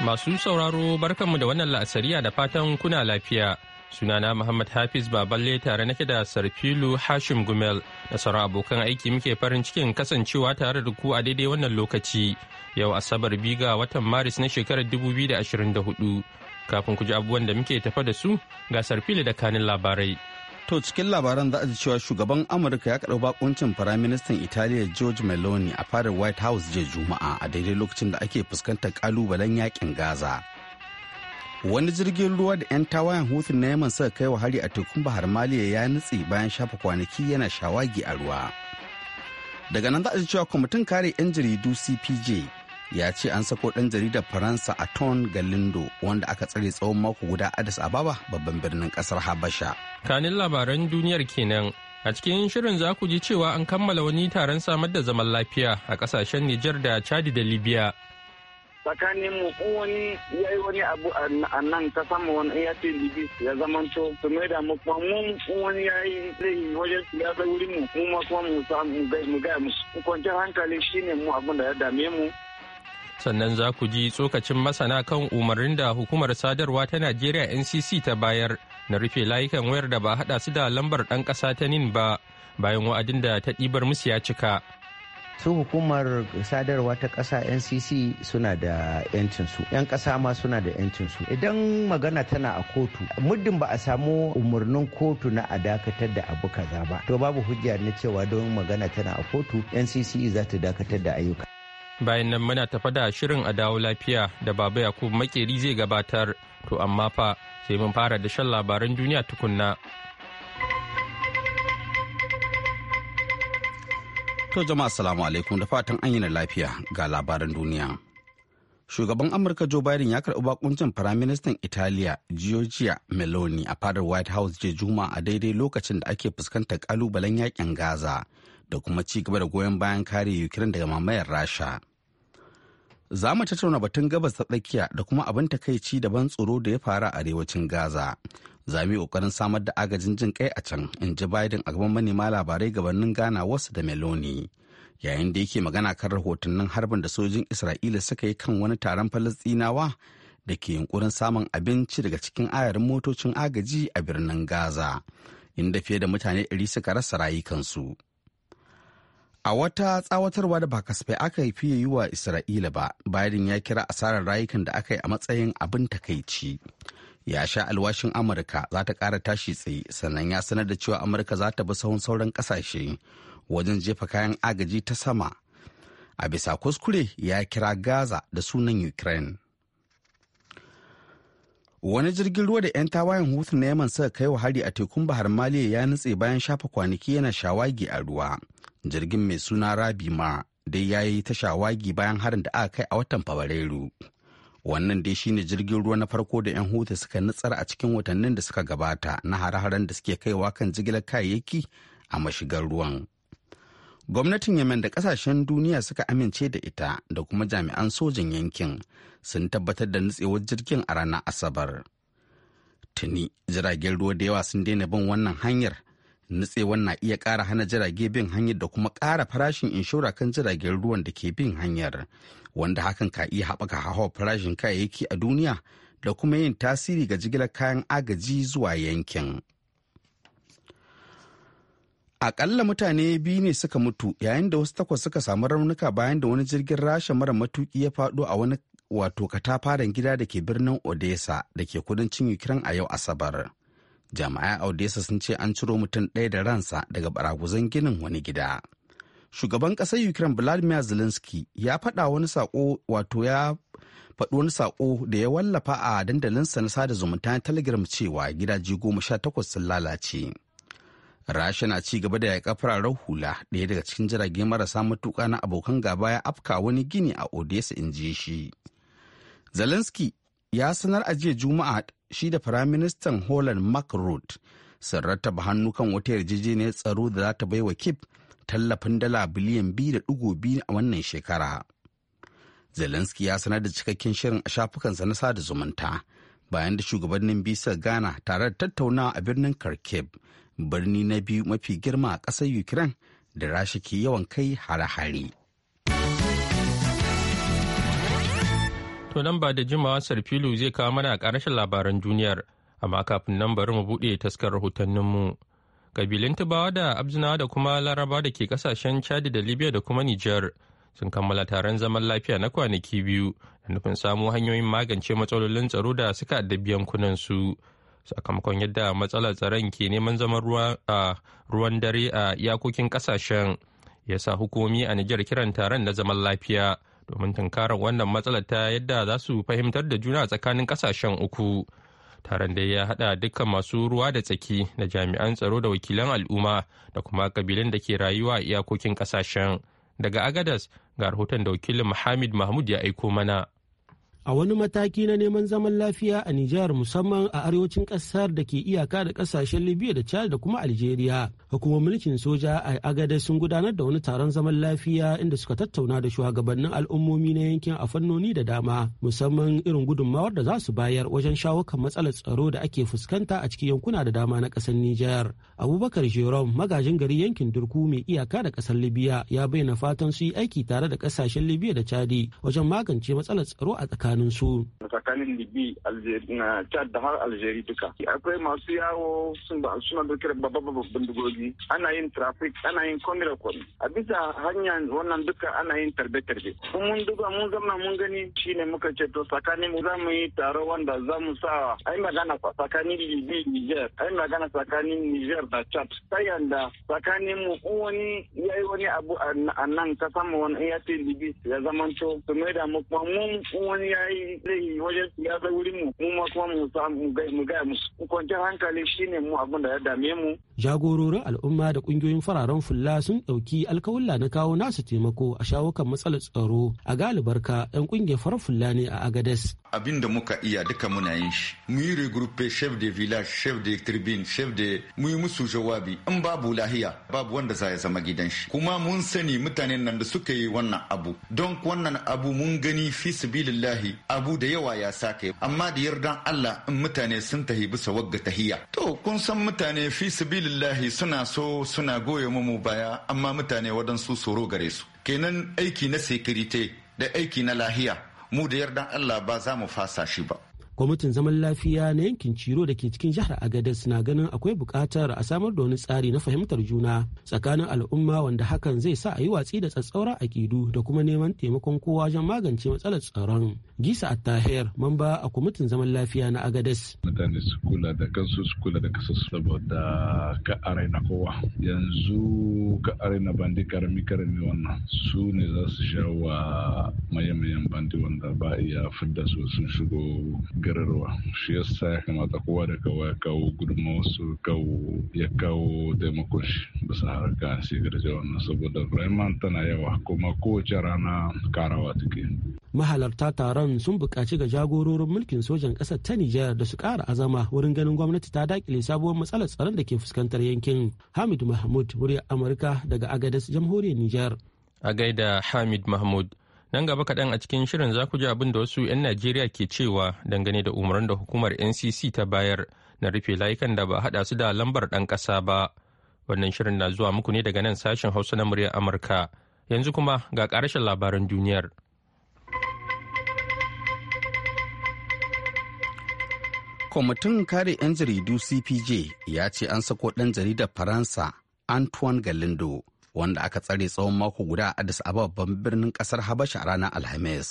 Masu sauraro barkanmu da wannan la'asariya da fatan kuna lafiya. Sunana Muhammad Hafiz Baballe tare nake da Sarfilu Hashim Gumel da sauran abokan aiki muke farin cikin kasancewa tare da ku a daidai wannan lokaci. Yau Asabar biga watan Maris na shekarar 2024. Kafin ku ji abubuwan da muke tafa da su ga Sarfilu da kanin labarai. To cikin labaran za a ji cewa shugaban Amurka ya karɓi bakuncin Firaministan Italiya George Meloni a fadar White House jiya Juma'a a daidai lokacin da ake fuskantar kalubalen yakin Gaza. Wani jirgin ruwa da 'yan tawayen hutun na Yaman suka kai wa hari a tekun Bahar Maliya ya nutse bayan shafa kwanaki yana shawagi a ruwa. Daga nan za a ji cewa kwamitin kare 'yan jaridu CPJ ya ce an sako ɗan jaridar faransa a ton galindo wanda aka tsare tsawon mako guda addis ababa babban birnin ƙasar habasha kanin labaran duniyar kenan a cikin shirin za ku ji cewa an kammala wani taron samar da zaman lafiya a kasashen nijar da chadi da libya tsakanin mu wani ya yi wani abu a nan ta sama wani ya ce libi ya zamanto su mai da mu kuma mu wani ya yi zai wajen zai wuri mu mu ma kuma mu gaya mu kwanciyar hankali shine mu abin ya dame mu sannan za ku ji tsokacin masana kan umarnin da hukumar sadarwa ta najeriya ncc ta bayar na rufe layukan wayar da ba hada su da lambar ɗan kasa ta nin ba bayan wa'adin da ta ɗibar musu ya cika su hukumar sadarwa ta ƙasa ncc suna da 'yancinsu 'yan ƙasa ma suna da 'yancinsu idan magana tana a kotu muddin ba a samu umarnin kotu na a dakatar da abu kaza ba to babu hujja na cewa don magana tana a kotu ncc za ta dakatar da ayyuka bayan nan muna tafa da shirin a dawo lafiya da baba yakubu makeri zai gabatar to amma fa sai mun fara da shan labaran duniya tukunna to jama'a salamu alaikum da fatan an yi na lafiya ga labaran duniya shugaban amurka joe biden ya karɓi bakuncin firaministan italiya giorgia meloni a fadar white house jiya juma a daidai lokacin da ake fuskantar kalubalen yakin gaza da kuma ci gaba da goyon bayan kare ukraine daga mamayar rasha za mu tattauna batun gabas ta tsakiya da kuma abin takaici da ban tsoro da ya faru a arewacin gaza za mu yi kokarin samar da agajin jin kai a can in ji biden a gaban manema labarai gabanin gana wasu da meloni yayin da yake magana kan rahotannin harbin da sojin isra'ila suka yi kan wani taron falastinawa da ke yunkurin samun abinci daga cikin ayarin motocin agaji a birnin gaza inda fiye da mutane 100 suka rasa rayukansu. A wata tsawatarwa da ba kasafai aka yi fiye yi wa Isra'ila ba, Biden ya kira asarar rayukan da aka yi a matsayin abin takaici. Ya sha alwashin Amurka za ta ƙara tashi tsaye sannan ya sanar da cewa Amurka za ta bi sahun sauran ƙasashe wajen jefa kayan agaji ta sama. A bisa kuskure ya kira Gaza da sunan Ukraine. wani jirgin ruwa da 'yan tawayen hutu na yaman suka kai wa hari a tekun bahar maliya ya nutse bayan shafa kwanaki yana shawagi a ruwa jirgin mai suna rabi ma dai ya yi ta shawagi bayan harin da aka kai a watan fabrairu wannan dai shine jirgin ruwa na farko da 'yan hutu suka nutsar a cikin watannin da suka gabata na hare-haren da suke kaiwa kan jigilar kayayyaki a mashigar ruwan gwamnatin yemen da kasashen duniya suka amince da ita da kuma jami'an sojin yankin sun tabbatar da nutsewar jirgin a ranar asabar tuni jiragen ruwa da yawa sun daina bin wannan hanyar nutsewan na iya kara hana jirage bin hanyar da kuma ƙara farashin inshora kan jiragen ruwan da ke bin hanyar wanda hakan ka iya haɓaka hawa farashin kayayyaki a duniya da kuma yin tasiri ga jigilar kayan agaji zuwa yankin. akalla mutane biyu ne suka mutu yayin da wasu takwas suka samu raunuka bayan da wani jirgin rasha mara matuki ya faɗo a wani wato katafaren gida da ke birnin Odessa da ke kudancin Ukraine a yau Asabar. jami'ai a odessa sun ce an ciro mutum ɗaya da ransa daga baraguzan ginin wani gida shugaban ƙasar ukraine vladimir zelensky ya faɗa wani sako wato ya faɗi wani sako da ya wallafa a dandalinsa na sada zumunta na telegram cewa gidaje goma sha takwas sun lalace rasha na ci gaba da yaƙa fararen hula ɗaya daga cikin jirage marasa matuƙa na abokan gaba ya afka wani gini a odessa in ji shi zelensky ya sanar a jiya juma'a shi da firaministan Holland Mark Rutte sun rattaba hannu kan wata yarjejeniyar tsaro da za ta bai wa Kip tallafin dala biliyan biyu a wannan shekara. Zelensky ya sanar da cikakken shirin a shafukansa na sada zumunta bayan da shugabannin bisa Ghana tare da tattaunawa a birnin Kharkiv, birni na biyu mafi girma a ƙasar Ukraine da rashi ke yawan kai hare-hare. To nan ba da jimawa Sarfilu zai kawo mana ƙarashin labaran duniyar, amma kafin nan bari mu buɗe taskar rahotanninmu. Kabilun Tubawa da Abzinawa da kuma Laraba da ke kasashen Chad da Libya da kuma Nijar sun kammala taron zaman lafiya na kwanaki biyu da nufin samo hanyoyin magance matsalolin tsaro da suka addabi yankunan su. Sakamakon yadda matsalar tsaron ke neman zaman ruwan dare a iyakokin ƙasashen ya sa hukumomi a Nijar kiran taron na zaman lafiya. domin tunkarar wannan matsalar ta yadda za su fahimtar da juna tsakanin kasashen uku taron da ya hada dukkan masu ruwa da tsaki da jami'an tsaro da wakilan al'umma da kuma kabilan da ke rayuwa a iyakokin kasashen daga agadas ga rahoton da wakilin muhammad mahmud ya aiko mana a wani mataki na neman zaman lafiya a Nijar musamman a arewacin kasar da ke iyaka da kasashen Libya da Chad da kuma Algeria. Hukumar mulkin soja a Agade sun gudanar da wani taron zaman lafiya inda suka tattauna da shugabannin al'ummomi na yankin a fannoni da dama musamman irin gudunmawar da za su bayar wajen shawo kan matsalar tsaro da ake fuskanta a cikin yankuna da dama na kasar Nijar. Abubakar Jerome magajin gari yankin Durku mai iyaka da kasar Libya ya bayyana fatan su yi aiki tare da ƙasashen Libya da Chadi wajen magance matsalar tsaro a tsakanin tsakanin su tsakanin libi chad da har algeria duka akwai masu yawo suna dauke da babban bindigogi ana yin traffic ana yin komira kwami a bisa hanyar wannan duka ana yin tarbe-tarbe mun duba mun zama mun gani shine muka ce to tsakanin za mu yi taro wanda za mu sa ai magana tsakanin libi niger ai magana tsakanin niger da chad ta yanda tsakanin mu wani ya yi wani abu a nan kasan samu wani ya ce libi ya zamanto su mai da mu kuma mun wani ya ya yi wajen siyasa wurin mu mu ma kuma mu samu mu gaya musu kwanciyar hankali shine mu abin da ya dame mu jagororin al'umma da kungiyoyin fararen fulla sun ɗauki alkawulla na kawo nasu taimako a shawo matsalar tsaro a galibar ka 'yan kungiyar farar fulla ne a agades abin da muka iya duka muna yin shi mu yi regroupe chef de village chef de tribune chef de mu yi musu jawabi in babu lahiya babu wanda za ya zama gidan shi kuma mun sani mutanen nan da suka yi wannan abu don wannan abu mun gani fi sabilillahi abu da yawa ya sa kai amma da yardan Allah in mutane sun tahi bisa wagga tahiya to kun san mutane fi sabilillahi suna so suna goye mu baya amma mutane wadansu tsoro gare su kenan aiki na sekirite da aiki na lahiya mu da yardan Allah ba za mu fasa shi ba kwamitin zaman lafiya na yankin ciro da ke cikin jihar agadez na ganin akwai buƙatar a samar da wani tsari na fahimtar juna tsakanin al'umma wanda hakan zai sa a yi watsi da tsatsauran akidu da kuma neman taimakon kowa wajen magance matsalar tsaron gisa attahir mamba a kwamitin zaman lafiya na agadez mutane su kula da kansu su kula da kasa saboda ka na kowa yanzu ka na bandi karami karami wannan su ne za su sha wa mayan bandi wanda ba iya fidda su sun shigo gagararwa shi sa ya kamata kowa da kowa ya kawo gudunmawarsu ya kawo taimakon shi bisa harka sigarce wannan saboda vraiment tana yawa kuma kowace rana karawa take mahalarta taron sun buƙaci ga jagororin mulkin sojan ƙasar ta Nijar da su ƙara azama wurin ganin gwamnati ta dakile sabuwar matsalar tsaron da ke fuskantar yankin. Hamid Mahmud, wuri Amurka daga agadas Jamhuriyar Nijar. A gaida Hamid Mahmud. Nan gaba kaɗan a cikin shirin za ku ji abin da wasu 'yan Najeriya ke cewa dangane da umarnin da hukumar NCC ta bayar na rufe layukan da ba haɗa su da lambar ɗan ƙasa ba. Wannan shirin na zuwa muku ne daga nan sashen Hausa na muryar Amurka. Yanzu kuma ga ƙarashin labaran duniyar. Kwamitin kare 'yan jaridu CPJ ya ce an sako ɗan jaridar Faransa Antoine Galindo wanda aka tsare tsawon mako guda a Addis Ababa birnin kasar Habasha a ranar Alhamis,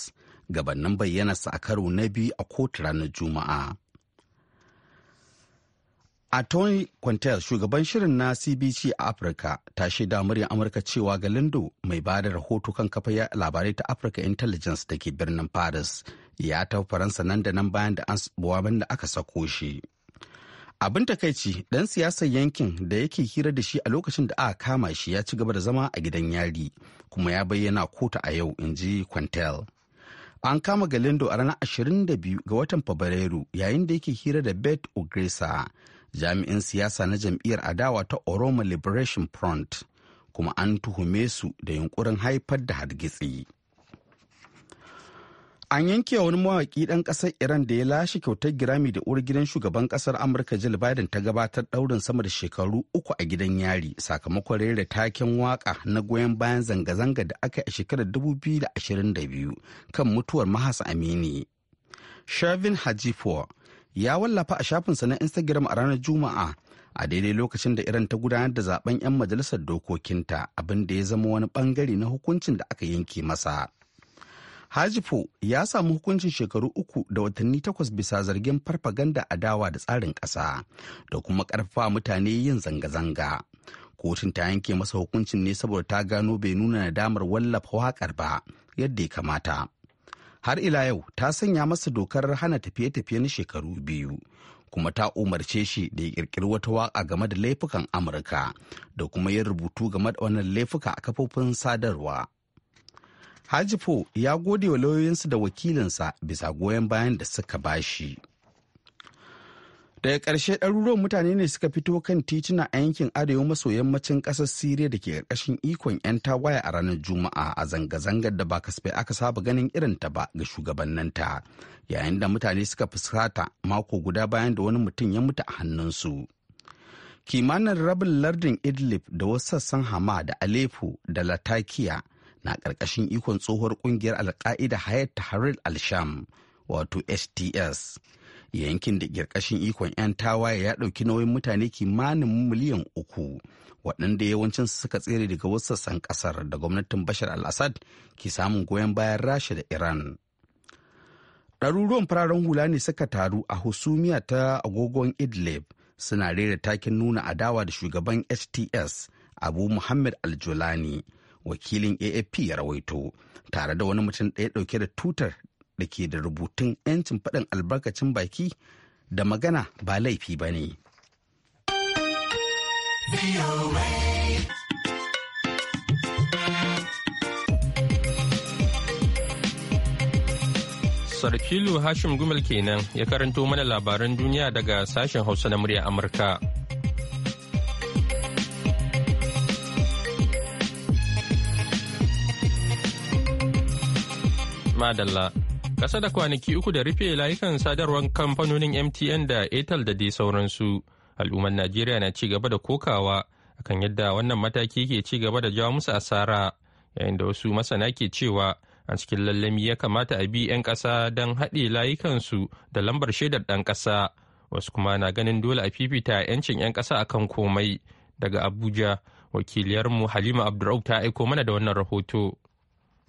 gabanin bayyanarsa a karo na biyu a kotu ranar Juma'a. A Tony Quintel, shugaban shirin na CBC a Afirka, ta shaida muryar Amurka cewa ga Galindo mai ba da rahoto kan kafa labarai ta Africa Intelligence da ke birnin Paris ya tafi Faransa nan da nan bayan da an da aka sako shi. abin takaici dan siyasar yankin da yake hira da shi a lokacin da aka kama shi ya ci gaba da zama a gidan yari kuma ya bayyana kotu a yau in ji kwantel an kama galindo a ranar 22 ga watan fabrairu yayin da yake hira da bet ogresa jami'in siyasa na jam'iyyar adawa ta oromo liberation front kuma an tuhume su da yunkurin haifar da hargitsi. An yanke wa wani mawaki ɗan ƙasar Iran da ya lashe kyautar Girami da uwar gidan shugaban ƙasar Amurka Jill Biden ta gabatar ɗaurin sama da shekaru uku a gidan yari sakamakon rera taken waka na goyon bayan zanga-zanga da aka yi a shekarar biyu kan mutuwar Mahasa Amini. Shervin Hajifor ya wallafa a shafinsa na Instagram a ranar Juma'a a daidai lokacin da Iran ta gudanar da zaben 'yan majalisar dokokinta abin da ya zama wani bangare na hukuncin da aka yanke masa. hajifo ya samu hukuncin shekaru uku da watanni takwas bisa zargin farfaganda a dawa da tsarin ƙasa da kuma ƙarfafa mutane yin zanga-zanga kotun ta yanke masa hukuncin ne saboda ta gano bai nuna nadamar wallafa waƙar ba yadda ya kamata har ila yau ta sanya masa dokar hana tafiye-tafiye na shekaru biyu kuma ta umarce shi da ya kirkiri wata waƙa game da laifukan amurka da kuma yin rubutu game da wannan laifuka a kafofin sadarwa hajifo ya gode wa lauyoyinsa da wakilinsa bisa goyon bayan da suka bashi daga ƙarshe ɗaruruwan mutane ne suka fito kan tituna a yankin arewa maso yammacin ƙasar siriya da ke ƙarƙashin ikon 'yan tawaye a ranar juma'a a zanga-zangar da ba kasafai aka saba ganin irin ta ba ga shugabanninta yayin da mutane suka fuskata mako guda bayan da wani mutum ya mutu a hannunsu kimanin rabin lardin idlib da wasu sassan hama da aleppo da latakia na ƙarƙashin ikon tsohuwar ƙungiyar alka'ida hayat tahrir al-sham wato sts yankin da ƙarƙashin ikon 'yan tawaye ya ɗauki nauyin mutane kimanin miliyan uku waɗanda yawancin suka tsere daga wasu sassan ƙasar da gwamnatin bashar al-assad ke samun goyon bayan rasha da iran ɗaruruwan fararen hula ne suka taru a husumiya ta agogon idlib suna rera takin nuna adawa da shugaban hts abu muhammad aljulani wakilin afp ya rawaito tare da wani mutum ɗaya ɗauke da tutar da ke da rubutun 'yancin faɗin albarkacin baki da magana ba laifi ba ne Sarkilu Hashim gumel kenan ya karanto mana labaran duniya daga sashen Hausa na murya Amurka. Madalla. Kasa da kwanaki uku da rufe layukan sadarwar kamfanonin MTN da Airtel da dai sauransu. Al'ummar Najeriya na ci gaba da kokawa akan yadda wannan mataki ke ci gaba da jawo musu asara yayin da wasu masana ke cewa a cikin lallami ya kamata a bi 'yan ƙasa don haɗe layukansu da lambar shaidar ɗan ƙasa wasu kuma na ganin dole a fifita 'yancin 'yan ƙasa akan komai daga abuja wakiliyarmu halima abdurraub ta aiko mana da wannan rahoto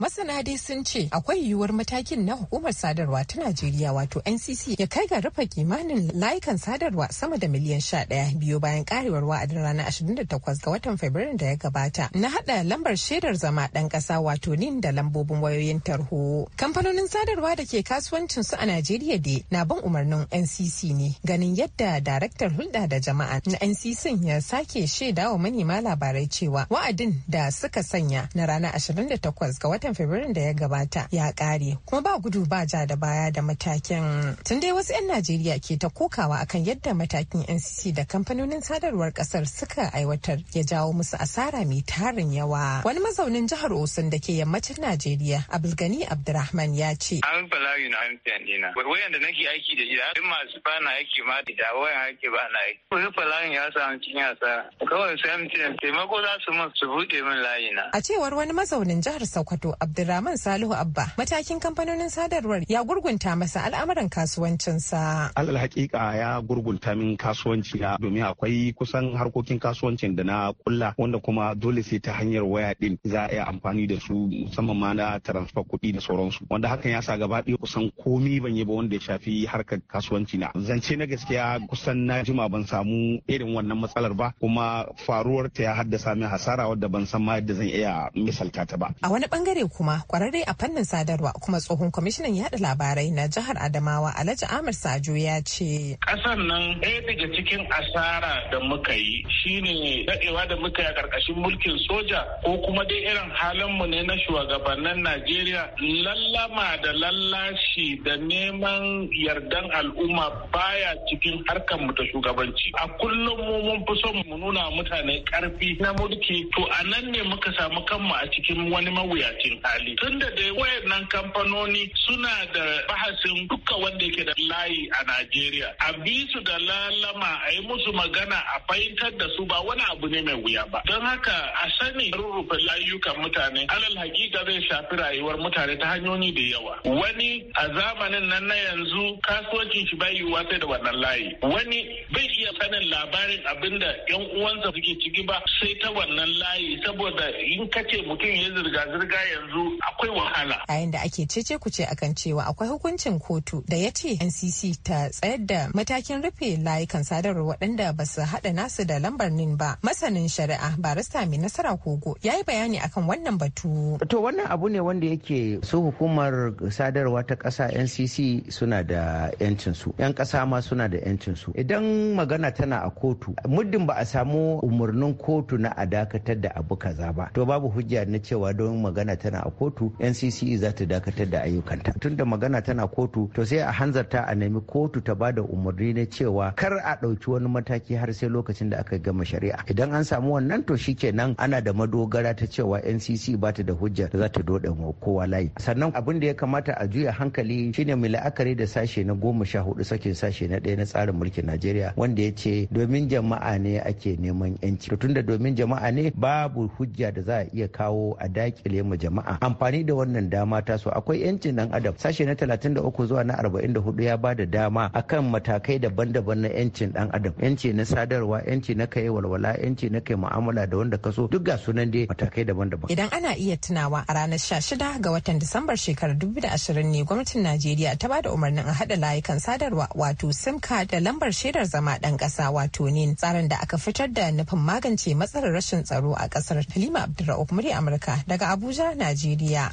Masana dai sun ce akwai yiwuwar matakin na hukumar sadarwa ta Najeriya wato NCC ya kai ga rufe kimanin layukan sadarwa sama da miliyan sha ɗaya biyu bayan karewar wa'adin ranar 28 ga watan Fabrairu da ya gabata na haɗa lambar shaidar zama ɗan ƙasa wato NIN da lambobin wayoyin tarho. Kamfanonin sadarwa da ke kasuwancin su a Najeriya dai na bin umarnin NCC ne ganin yadda daraktar hulɗa da jama'a na NCC ya sake shaidawa manema labarai cewa wa'adin da suka sanya na ranar 28 ga watan watan Fabrairun da ya gabata ya kare kuma ba gudu ba ja da baya da matakin. Tun dai wasu 'yan Najeriya ke ta kokawa akan yadda matakin NCC da kamfanonin sadarwar kasar suka aiwatar ya jawo musu asara mai tarin yawa. Wani mazaunin jihar Osun da ke yammacin Najeriya Abdulgani Abdurrahman ya ce. An bala'i na amfiyan dina. Wayan da nake aiki da ita, in masu bana yake ma da wayan aiki ba na aiki. Wani bala'in ya samu cikin asara. Kawai sai taimako za su mun su buɗe min layina. A cewar wani mazaunin jihar Sokoto Abdurrahman Salihu Abba matakin kamfanonin sadarwar ya gurgunta masa al'amuran kasuwancinsa. Alal hakika ya gurgunta min kasuwanci na domin akwai kusan harkokin kasuwancin da na kulla wanda kuma dole sai ta hanyar waya din za a iya amfani da su musamman ma na transfer kuɗi da sauransu wanda hakan ya sa gaba ɗaya kusan komi ban yi ba wanda ya shafi harkar kasuwanci na. Zance na gaskiya kusan na jima ban samu irin wannan matsalar ba kuma faruwar ta ya haddasa min hasara wadda ban san ma yadda zan iya misalta ta ba. A wani bangare kuma kwararre a fannin sadarwa kuma tsohon kwamishinan yada labarai na jihar Adamawa Alhaji Amir Sajo ya ce. Ƙasar nan ɗaya daga cikin asara da muka yi shine daɗewa da muka yi a ƙarƙashin mulkin soja ko kuma dai irin halin mu ne na shugabannin Najeriya lallama da lallashi da neman yardan al'umma baya cikin harkar mu ta shugabanci. A kullum mu mun fi son mu nuna mutane ƙarfi na mulki to a nan ne muka samu kanmu a cikin wani mawuyaci tashin hali tun da wayannan kamfanoni suna da bahasin duka wanda yake da layi a Najeriya a bi su da lalama a yi musu magana a fahimtar da su ba wani abu ne mai wuya ba don haka a sani rurrufe layukan mutane alal hakika zai shafi rayuwar mutane ta hanyoyi da yawa wani a zamanin nan na yanzu kasuwancin shi bai yiwuwa sai da wannan layi wani bai iya sanin labarin abinda yan uwansa suke ciki ba sai ta wannan layi saboda in kace mutum ya zirga-zirga ya yanzu akwai wahala. A yanda ake cece ku ce akan cewa akwai hukuncin kotu da ya ce NCC ta tsayar da matakin rufe layukan sadarwa waɗanda ba su haɗa nasu da lambar nin ba. Masanin shari'a barista mai nasara kogo ya yi bayani akan wannan batu. To wannan abu ne wanda yake su hukumar sadarwa ta ƙasa NCC suna da 'yancin 'Yan ƙasa ma suna da 'yancin Idan magana tana a kotu, muddin ba a samu umarnin kotu na a dakatar da abu kaza ba. To babu hujja na cewa don magana tana tana a kotu ncc za ta dakatar da ayyukanta tunda magana tana kotu to sai a hanzarta a nemi kotu ta bada umarni na cewa kar a ɗauki wani mataki har sai lokacin da aka gama shari'a idan an samu wannan to shikenan ana da madogara ta cewa ncc ba ta da hujja da za ta doda kowa layi sannan abin da ya kamata a juya hankali shine mai la'akari da sashe na goma sha hudu sakin sashe na ɗaya na tsarin mulkin najeriya wanda ya ce domin jama'a ne ake neman yanci to tunda domin jama'a ne babu hujja da za a iya kawo a dakile ma jama'a jama'a amfani da wannan dama ta so akwai yancin dan adam sashe na 33 zuwa na 44 ya bada dama akan matakai daban-daban na yancin dan adam yanci na sadarwa yanci na kai walwala yanci na kai mu'amala da wanda kaso duk ga sunan dai matakai daban-daban idan ana iya tunawa a ranar 16 ga watan disambar shekarar 2020 ne gwamnatin Najeriya ta ba da umarnin a hada layukan sadarwa wato sim card da lambar shaidar zama dan kasa wato nin tsarin da aka fitar da nufin magance matsalar rashin tsaro a kasar Halima Abdulrahman murya Amurka daga Abuja na Najeriya.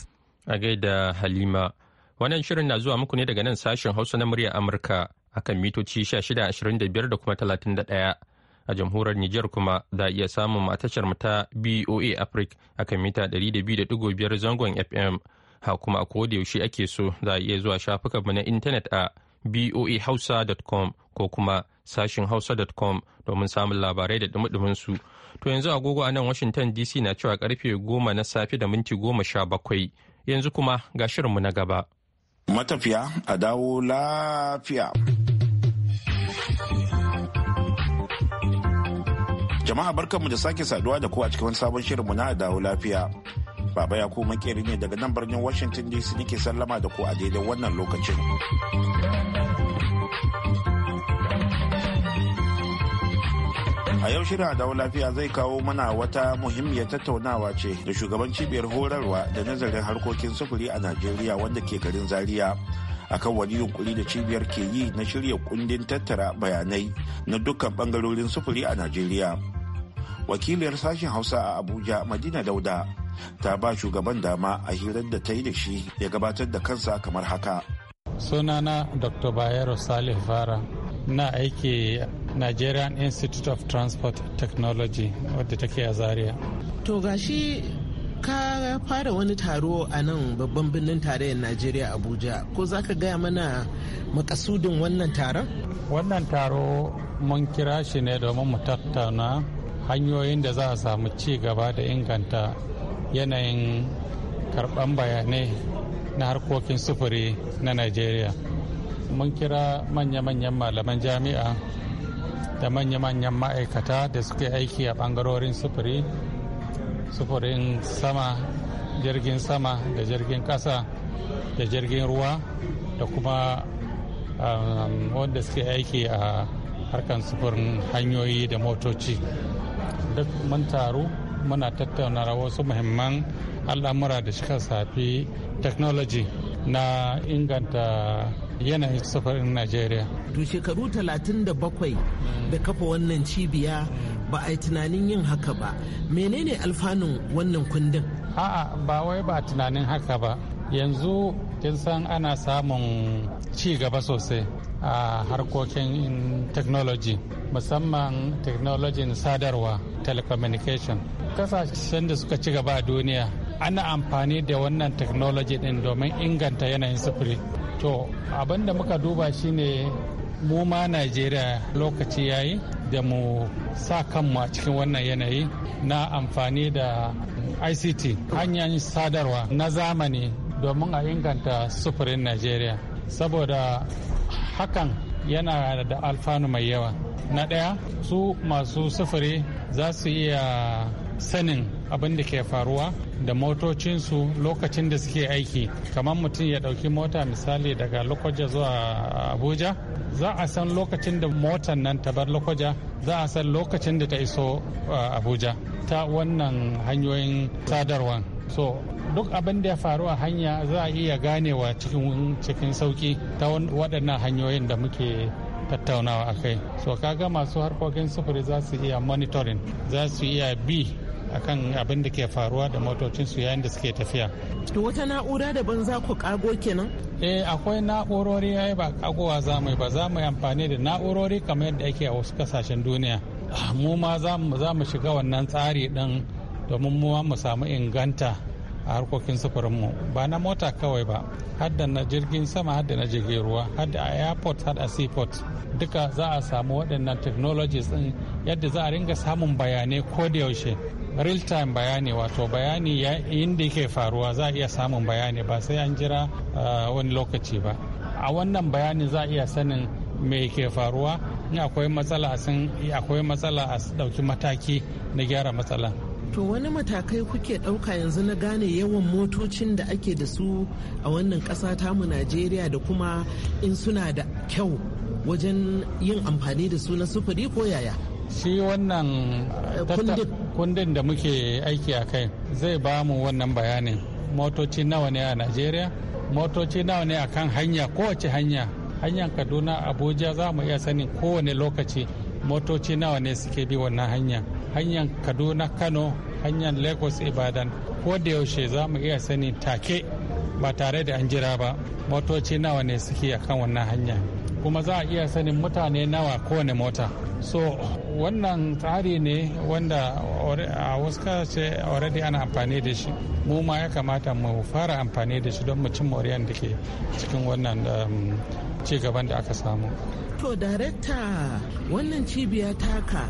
A gaida Halima, wannan shirin na zuwa muku ne daga nan sashen Hausa na muryar Amurka akan mitoci 1625 da kuma 31. A jamhuriyar Nijar kuma za iya samun a tashar ta BOA Africa akan mita 200.5 zangon FM. Ha kuma a yaushe ake so za a iya zuwa shafukanmu na intanet a boahausa.com ko kuma sashin hausa.com domin samun labarai da dumi su To yanzu agogo a nan Washington DC na cewa karfe goma na safe da minti goma sha bakwai. Yanzu kuma ga shirinmu na gaba. Matafiya a dawo lafiya. Jama'a barkanmu da sake saduwa da ku a cikin sabon shirinmu na dawo lafiya. Baba ya ku makeri ne daga nan birnin Washington DC nake sallama da ku a daidai wannan lokacin. A yau shirin dawo lafiya zai kawo mana wata muhimmiyar tattaunawa ce da shugaban cibiyar horarwa da nazarin harkokin sufuri a Najeriya wanda ke garin Zaria. akan wani yunkuri da cibiyar ke yi na shirya kundin tattara bayanai na dukkan bangarorin sufuri a Najeriya. Wakiliyar sashen Hausa a Abuja Madina Dauda ta ba shugaban dama a hirar da ta yi da shi ya gabatar da kansa kamar haka. Sunana Dr. Bayero Salih Fara na aiki nigerian institute of transport technology wadda take a zaria to gashi ka fara wani taro a nan babban birnin tarayyar najeriya abuja ko za ka gaya mana makasudin wannan taron wannan taro mun kira shi ne domin mu tattauna hanyoyin da za a samu ci gaba da inganta yanayin karban bayanai na harkokin sufuri na najeriya mun kira manya-manyan malaman jami'a da manya-manyan ma'aikata da suke aiki a bangarorin sufuri sufurin sama jirgin sama da jirgin kasa da jirgin ruwa da kuma um, wanda suke aiki a harkar sufurin hanyoyi da motoci duk mun taru muna tattauna wasu muhimman al'amura da suka safi technology na inganta yanayin safarin najeriya to shekaru 37 da kafa wannan cibiya ba a yi tunanin yin haka ba menene alfanun wannan kundin a'a ba wai ba tunanin haka ba yanzu kin san ana samun ci gaba sosai a harkokin technology musamman technology sadarwa telecommunication kasashen da suka ci gaba a duniya ana amfani da wannan technology din domin inganta yanayin sufuri to abin da muka duba shine mu ma najeriya lokaci yayi da mu sa kanmu a cikin wannan yanayi na amfani da ict hanyar sadarwa na zamani domin a inganta sufurin najeriya saboda hakan yana da alfanu mai yawa na ɗaya su masu sufuri za su iya sanin abin da ke faruwa da motocinsu lokacin da suke aiki kamar mutum ya ɗauki mota misali daga lokoja zuwa abuja za a san lokacin da motar nan ta bar lokoja za a san lokacin da ta iso uh, abuja ta wannan hanyoyin sadarwa so duk abin da ya faru a hanya za a iya ganewa cikin sauki ta waɗannan hanyoyin da muke tattaunawa a kai so kaga masu harkokin sufuri za su iya monitoring za su iya bi akan abin da ke faruwa da motocinsu yayin da suke tafiya. Wata na'ura daban za ku kago kenan? Eh akwai na'urori ya ba kagowa za mu ba za mu amfani da na'urori kamar yadda ake a wasu kasashen duniya. Mu ma za mu shiga wannan tsari din domin mu samu inganta a harkokin sufurinmu ba na mota kawai ba hadda na jirgin sama hadda na jirgin ruwa hadda a airport hadda a seaport duka za a samu waɗannan technologies din yadda za a ringa samun bayanai ko da yaushe real time bayani wato bayani inda yake faruwa za a iya samun bayani ba sai an jira ah, wani lokaci ba a wannan bayani za a iya sanin me ke faruwa in akwai matsala a ɗauki akwai mataki na gyara matsala. to wani matakai kuke ɗauka yanzu na gane yawan motocin da ake da su a wannan ƙasa tamu najeriya da kuma in suna da kyau wajen yin amfani da su na sufuri ko yaya shi wannan eh, kundin da muke aiki a kai zai ba mu wannan bayanin motoci nawa ne a najeriya motoci nawa ne a kan hanya kowace hanya hanyar kaduna abuja za mu iya sanin kowane lokaci motoci nawa ne suke bi wannan hanya hanyar kaduna kano hanyar lagos ibadan ko da yaushe za mu iya sani take ba tare da an jira ba motoci nawa ne suke a kan wannan hanya kuma za a iya sanin mutane nawa kowane mota so wannan tsari ne wanda a wasu ce already ana amfani da shi mu ma ya kamata mu fara amfani da shi don mu cin moriyar da ke cikin wannan um, cigaban da aka samu to darekta wannan cibiya taka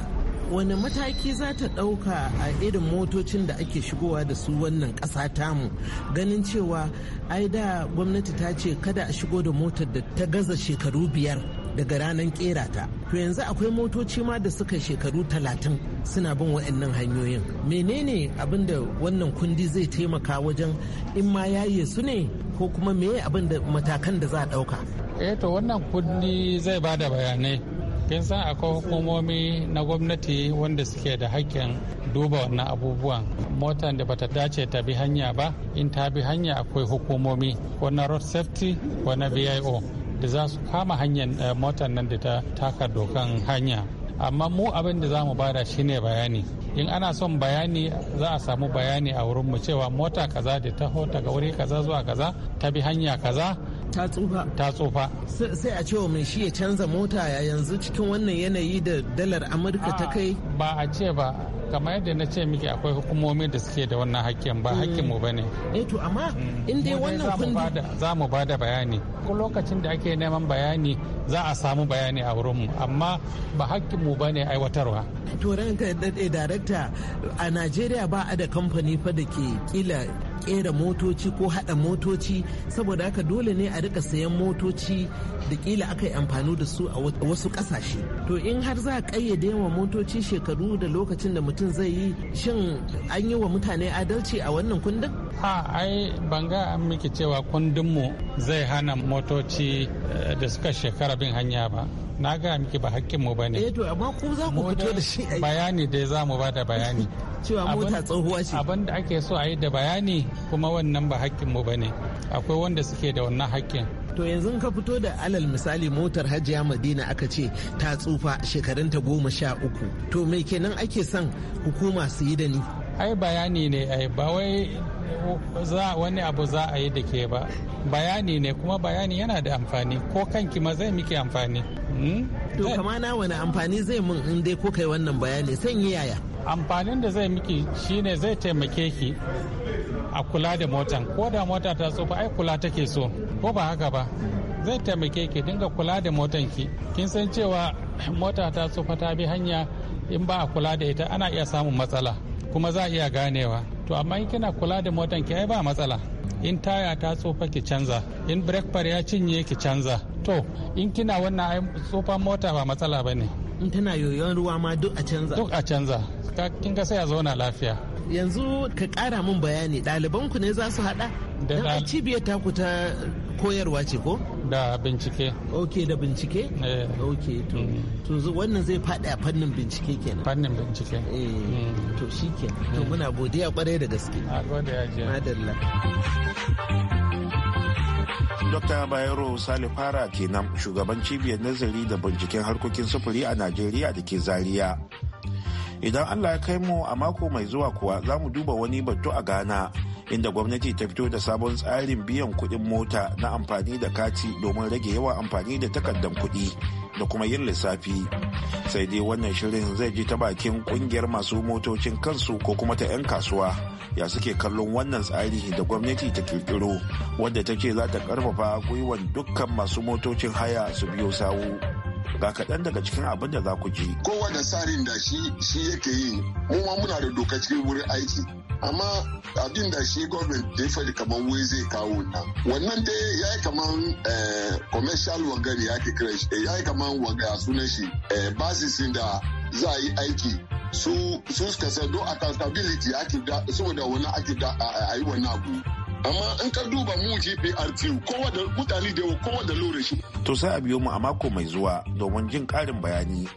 wani mataki za ta ɗauka a irin motocin da ake shigowa da su wannan ƙasa tamu ganin cewa ai da gwamnati ta ce kada a shigo da motar da ta gaza shekaru biyar daga ranar kera ta to yanzu akwai motoci ma da suka shekaru talatin suna bin waɗannan hanyoyin menene abin da wannan kundi zai taimaka wajen in ma yaye su ne ko kuma meye abin da matakan da za a ɗauka eh to wannan kundi zai bada bayanai kin san akwai hukumomi na gwamnati wanda suke da hakkin duba wannan abubuwan motar da bata dace ta bi hanya ba in ta bi hanya akwai hukumomi ko na road safety ko na vio da za su kama hanyar eh, motar nan da ta taka dokan hanya amma mu abin da za mu bada shine bayani in ana son bayani za a samu bayani a wurin mu cewa mota kaza da taho daga wuri kaza zuwa kaza ta bi hanya kaza ta tsufa ta tsufa sai a cewa mai shi ya canza mota ya yanzu cikin wannan yanayi da dalar amurka ta kai ba a ce ba kamar yadda na ce miki akwai hukumomi da suke da wannan hakkin ba hakkin mu mm. bane. eh to amma mm. in dai wannan kundi za mu ba da bayani ko lokacin da ake neman bayani za a samu bayani a wurin mu amma ba hakkin mu bane aiwatarwa to ranka da director a najeriya ba a da kamfani fa da ke kila kera motoci ko hada motoci saboda haka dole ne a rika sayan motoci da kila aka yi amfani da su a wasu kasashe to in har za a kayyade wa motoci shekaru da lokacin da mutum zai yi shin an yi wa mutane adalci a wannan kundin a ai banga miki cewa kundinmu zai hana motoci eh, da suka shekara bin hanya ba na ga miki ba hakkinmu ba ne bayani dai za mu ba da bayani cewa mota tsohuwa ce abin da ake so a yi da bayani kuma wannan ba hakkinmu ba ne akwai wanda suke da wannan hakkin to yanzu ka fito da alal misali motar hajiya madina aka ce ta tsufa shekarunta goma sha uku to mai kenan ake son hukuma su yi da ni ai bayani ne ai ba wai za wani abu za a yi da ke ba bayani ne kuma bayani yana da amfani ko kanki ma zai miki amfani hmm? to kama na wani amfani zai mun in dai ko kai wannan bayani san yaya amfanin da zai miki shine zai taimake ki a kula da motan ko da mota ta tsufa ai kula take so ko ba haka ba zai taimake ki dinga kula da motan ki kin san cewa mota ta tsufa ta bi hanya in ba a kula da ita ana iya samun matsala kuma za a iya ganewa to amma in kina kula da motan ki ai ba matsala in taya ta tsofa ki canza in brake pad ya cinye ki canza to in kina wannan ai tsofan mota ba matsala bane in tana yoyon ruwa ma duk a canza duk a canza kin ga sai a zauna lafiya yanzu ka kara min bayani ku ne za su haɗa don a cibiyar taku ta koyarwa ce ko da bincike ok da bincike eh. ok to mm. wannan zai faɗi a fannin bincike kenan fannin bincike eh. Mm. to shi kenan to mm. muna godiya kwarai da gaske a godiya je madalla Dr. Bayero Sale Fara kenan shugaban cibiyar nazari da binciken harkokin sufuri a Najeriya da ke Zaria. Idan Allah ya kai mu a mako mai zuwa kuwa za mu duba wani batu a Ghana inda gwamnati ta fito da sabon tsarin biyan kuɗin mota na amfani da kati domin rage yawan amfani da takardar kuɗi da kuma yin lissafi sai dai wannan shirin zai ji ta bakin kungiyar masu motocin kansu ko kuma ta 'yan kasuwa ya suke kallon wannan tsari da gwamnati ta kirkiro wadda ta ce za ta karfafa gwiwan dukkan masu motocin haya su biyo sawu ga kaɗan daga cikin abin da za ku ji. Kowa tsarin da shi yake yi, mu muna da doka cikin wurin aiki. amma abin da shi gwamnati da ya faɗi kamar wai zai kawo na wannan dai ya yi kamar eh, commercial wanga ya ke kira shi eh, ya yi kamar wanga sunan shi eh, basisin da za a yi aiki su suka san do accountability ake da saboda wani ake da a yi wannan abu amma in ka duba mu GPRT kowa da mutane da kowa da lura shi to sai a biyo mu a mako mai zuwa domin jin karin bayani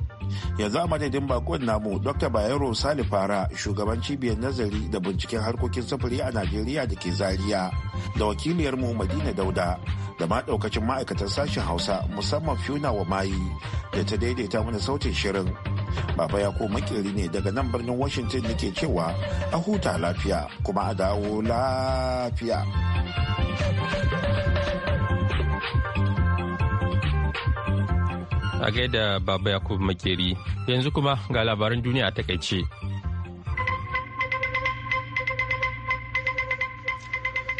yanzu a madadin bakon namu dr bayero sali fara shugaban cibiyar nazari da binciken harkokin sufuri a najeriya da ke zaria da wakiliyar mu madina dauda da ma daukacin ma'aikatan sashen hausa musamman fiona wa mayi da ta daidaita mana sautin shirin baba ya ko makeri ne daga nan birnin washington nake cewa a huta lafiya kuma a dawo lafiya a gaida Baba Yakubu Makeri. Yanzu kuma ga labaran duniya a takaice.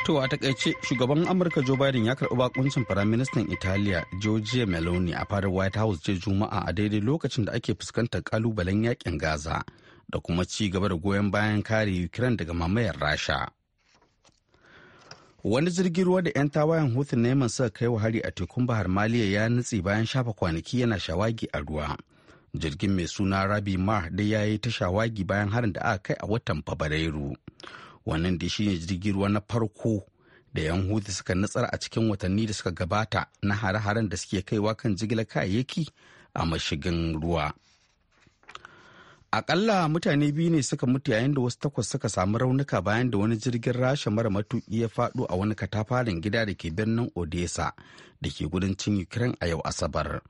To a takaice shugaban Amurka Joe Biden ya karɓi bakuncin Firaministan Italiya georgia Meloni a fadar White House jiya Juma'a a daidai lokacin da ake fuskantar kalubalen yakin Gaza da kuma ci gaba da goyon bayan kare Ukraine daga mamayar Rasha. wani jirgin ruwa da 'yan tawayen hutu neman suka kai wa hari a tekun bahar maliya ya nutse bayan shafa kwanaki yana shawagi a ruwa jirgin mai suna rabi mar da ya yi ta shawagi bayan harin da aka kai a watan fabrairu wannan da shine jirgin ruwa na farko da 'yan hutu suka nutsar a cikin watanni da suka gabata na hare-haren da suke kaiwa kan jigilar kayayyaki a mashigin ruwa. Akalla mutane biyu ne suka mutu yayin da wasu takwas suka samu raunuka bayan da wani jirgin rasha mara matuki ya faɗo a wani katafaren gida da ke birnin Odessa da ke cin Ukraine a yau Asabar.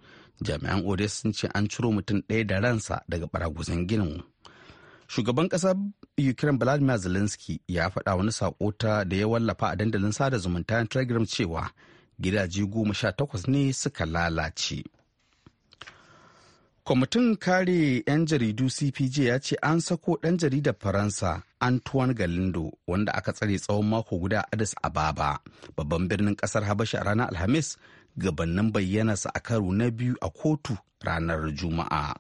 Jami'an Odessa sun ce an ciro mutum ɗaya da ransa daga baraguzan ginin. Shugaban ƙasar Ukraine Vladimir Zelensky ya faɗa wani saƙo ta da ya wallafa a dandalin sada zumunta Telegram cewa gidaje goma sha takwas ne suka lalace. kwamitin kare 'yan jaridu cpj ya ce an sako ɗan jaridar faransa antoine galindo wanda aka tsare tsawon mako guda a addis ababa babban birnin ƙasar habasha ranar alhamis gabanin bayyanarsa a karo na biyu a kotu ranar juma'a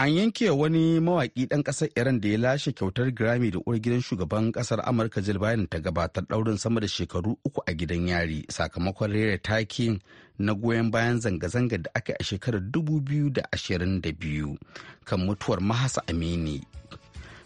An yanke wani mawaki ɗan ƙasar Iran da ya lashe kyautar Grammy da uwar gidan shugaban ƙasar Amurka Jill Biden ta gabatar ɗaurin sama da shekaru uku a gidan yari sakamakon rera taki na goyon bayan zanga zanga da aka yi a shekarar da ashirin biyu kan mutuwar Mahasa Amini.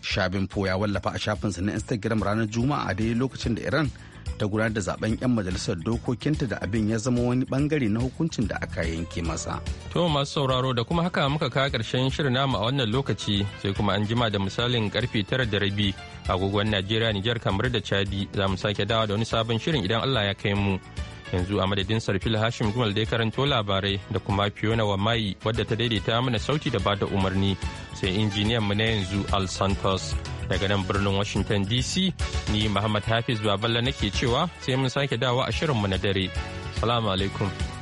Shabin Po ya wallafa a shafinsa na Instagram ranar Juma'a a daidai lokacin da Iran ta gudanar da zaben 'yan majalisar dokokinta da abin ya zama wani bangare na hukuncin da aka yanke masa. To masu sauraro da kuma haka muka kawo karshen shirin namu a wannan lokaci sai kuma an jima da misalin karfe tara da rabi agogon Najeriya Nijar kamar da Chadi za mu sake dawa da wani sabon shirin idan Allah ya kai mu. Yanzu a madadin Sarfil Hashim Gumal dai karanto labarai da kuma Fiona Mayi wadda ta daidaita mana sauti da bada umarni sai injiniyan mu na yanzu Al Santos. Daga nan birnin Washington DC, ni Muhammad Hafiz Baballa nake cewa sai mun sake dawo a shirinmu na dare. Salamu alaikum.